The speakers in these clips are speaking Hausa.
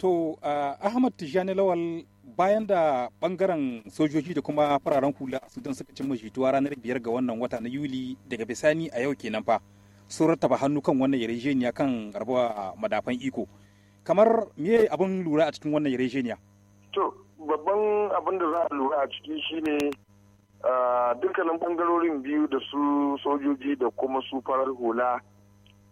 to ahmad tijjani lawal bayan da bangaren sojoji da kuma fararen hula a sudan suka cimma jituwa ranar biyar ga wannan wata na yuli daga bisani a yau kenan fa sun rattaba hannu kan wannan yarjejeniya kan rabuwa madafan iko kamar me abin lura a cikin wannan yarjejeniya to babban abin da za a lura a ciki shine dukkanin bangarorin biyu da su sojoji da kuma su farar hula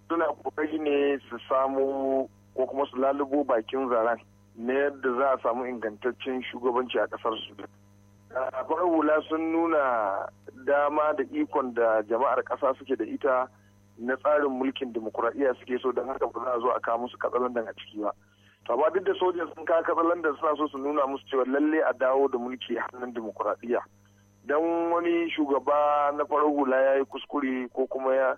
suna kokari ne su samu ko kuma su lalubo bakin zaren na yadda za a samu ingantaccen shugabanci a kasar su. farar hula sun nuna dama da ikon da jama'ar ƙasa suke da ita na tsarin mulkin demokuraɗiyya suke so don haka ba za a zo a kawo musu katsalandan a ciki ba to ba duk da sojan sun kawo katsalandan suna so su nuna musu cewa lalle a dawo da mulki hannun demokuraɗiyya don wani shugaba na farar hula ya yi kuskure ko kuma ya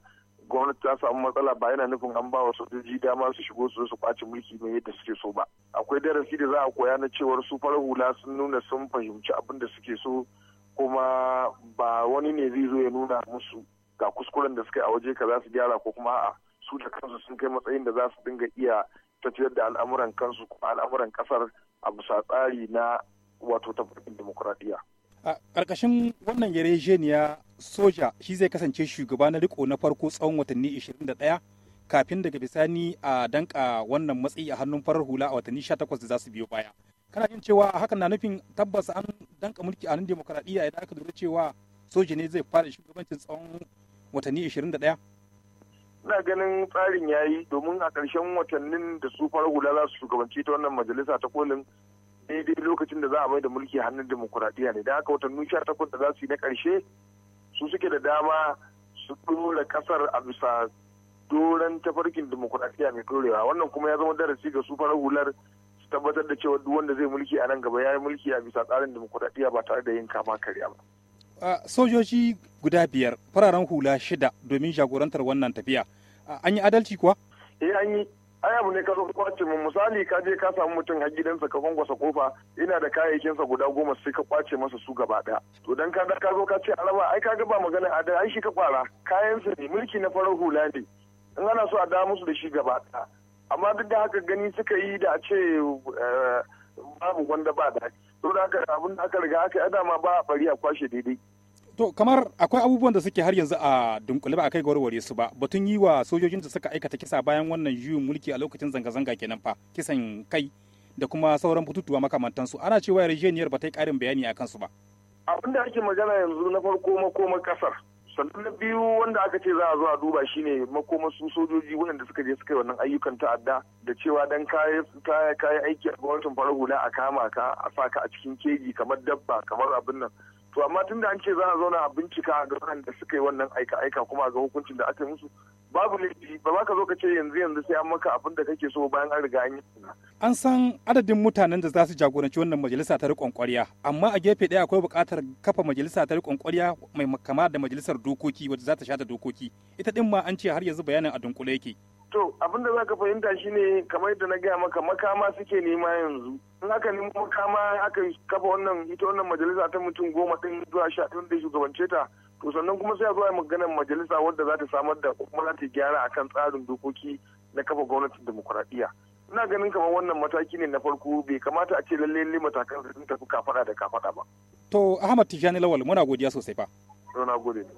gwamnati ta samu matsala ba yana nufin an ba wa sojoji dama su shigo su su kwaci mulki mai yadda suke so ba akwai darasi da za a koya na cewar su farar hula sun nuna sun fahimci abin da suke so kuma ba wani ne zai zo ya nuna musu ga kuskuren da suka yi a waje ka za su gyara ko kuma a su da kansu sun kai matsayin da za su dinga iya tafiyar da al'amuran kansu kuma al'amuran kasar a bisa tsari na wato tafarkin demokuraɗiyya. a ƙarƙashin wannan yarejeniya soja shi zai kasance shugaba na riko na farko tsawon watanni 21 kafin daga bisani a danka wannan matsayi a hannun farar hula a watanni 18 da za su biyo baya kana jin cewa hakan na nufin tabbas an danka mulki a nan demokaradiyya idan aka lura cewa soja ne zai fara shugabancin tsawon watanni 21 ina ganin tsarin ya yi domin a ƙarshen watannin da su farar hula za su shugabanci ta wannan majalisa ta kolin daidai lokacin da za a mai da mulki hannun demokuraɗiyya ne da haka watannin sha takwas da za su yi na ƙarshe su suke da dama su dora kasar a bisa doron tafarkin demokuraɗiyya mai turewa wannan kuma ya zama darasi ga su farar hular su tabbatar da cewa duk wanda zai mulki a nan gaba ya yi mulki a bisa tsarin demokuraɗiyya ba tare da yin kama karya ba. sojoji guda biyar fararen hula shida domin jagorantar wannan tafiya an yi adalci kuwa? eh an yi ai abu ne ka zo kwace mu misali ka je ka samu mutum har gidansa ka kwankwasa kofa ina da kayayyakinsa guda goma sai ka kwace masa su gaba daya to dan ka ka zo ka ce raba ai ka ga magana a da shi ka kwara kayansa ne mulki na farar hula ne in ana so a da musu da shi gaba daya amma duk da haka gani suka yi da a ce eh, babu wanda ba da to da haka abin da aka riga aka yi dama ba a bari a kwashe daidai To kamar akwai abubuwan da suke har yanzu a dunkule ba a kai warware su ba batun yi wa sojojin da suka aikata kisa bayan wannan juyin mulki a lokacin zanga-zanga kenan fa kisan kai da kuma sauran bututuwa makamantansu ana cewa yarjejeniyar ba ta yi karin bayani a kansu ba. Abin da ake magana yanzu na farko makoma kasar sannan na biyu wanda aka ce za a zo a duba shine makoma su sojoji da suka je suka yi wannan ayyukan ta'adda da cewa dan kayi aiki a gwamnatin farar hula a kama ka a sa a cikin keji kamar dabba kamar abin nan to amma tunda an ce za zauna a bincika ga waɗanda suka yi wannan aika-aika kuma ga hukuncin da aka musu babu laifi ba za ka zo ka ce yanzu yanzu sai an maka abin da kake so bayan an riga an yi an san adadin mutanen da za su jagoranci wannan majalisa ta riƙon ƙwarya amma a gefe ɗaya akwai buƙatar kafa majalisa ta riƙon ƙwarya mai kama da majalisar dokoki wadda za ta shata dokoki ita ɗin ma an ce har yanzu bayanin a dunkule yake To abin da zaka fahimta shine kamar yadda na gaya maka makama suke nema yanzu. In aka ne makama aka kafa wannan ita wannan majalisa ta mutum goma ɗin zuwa sha ɗin da shugabance ta. To sannan kuma sai a zo a maganar majalisa wadda za ta samar da kuma za ta gyara akan tsarin dokoki na kafa gwamnatin demokuraɗiyya. Ina ganin kamar wannan mataki ne na farko bai kamata a ce lalle lalle matakan sun tafi kafaɗa da kafaɗa ba. To Ahmad Tijjani Lawal muna godiya sosai fa. Muna gode.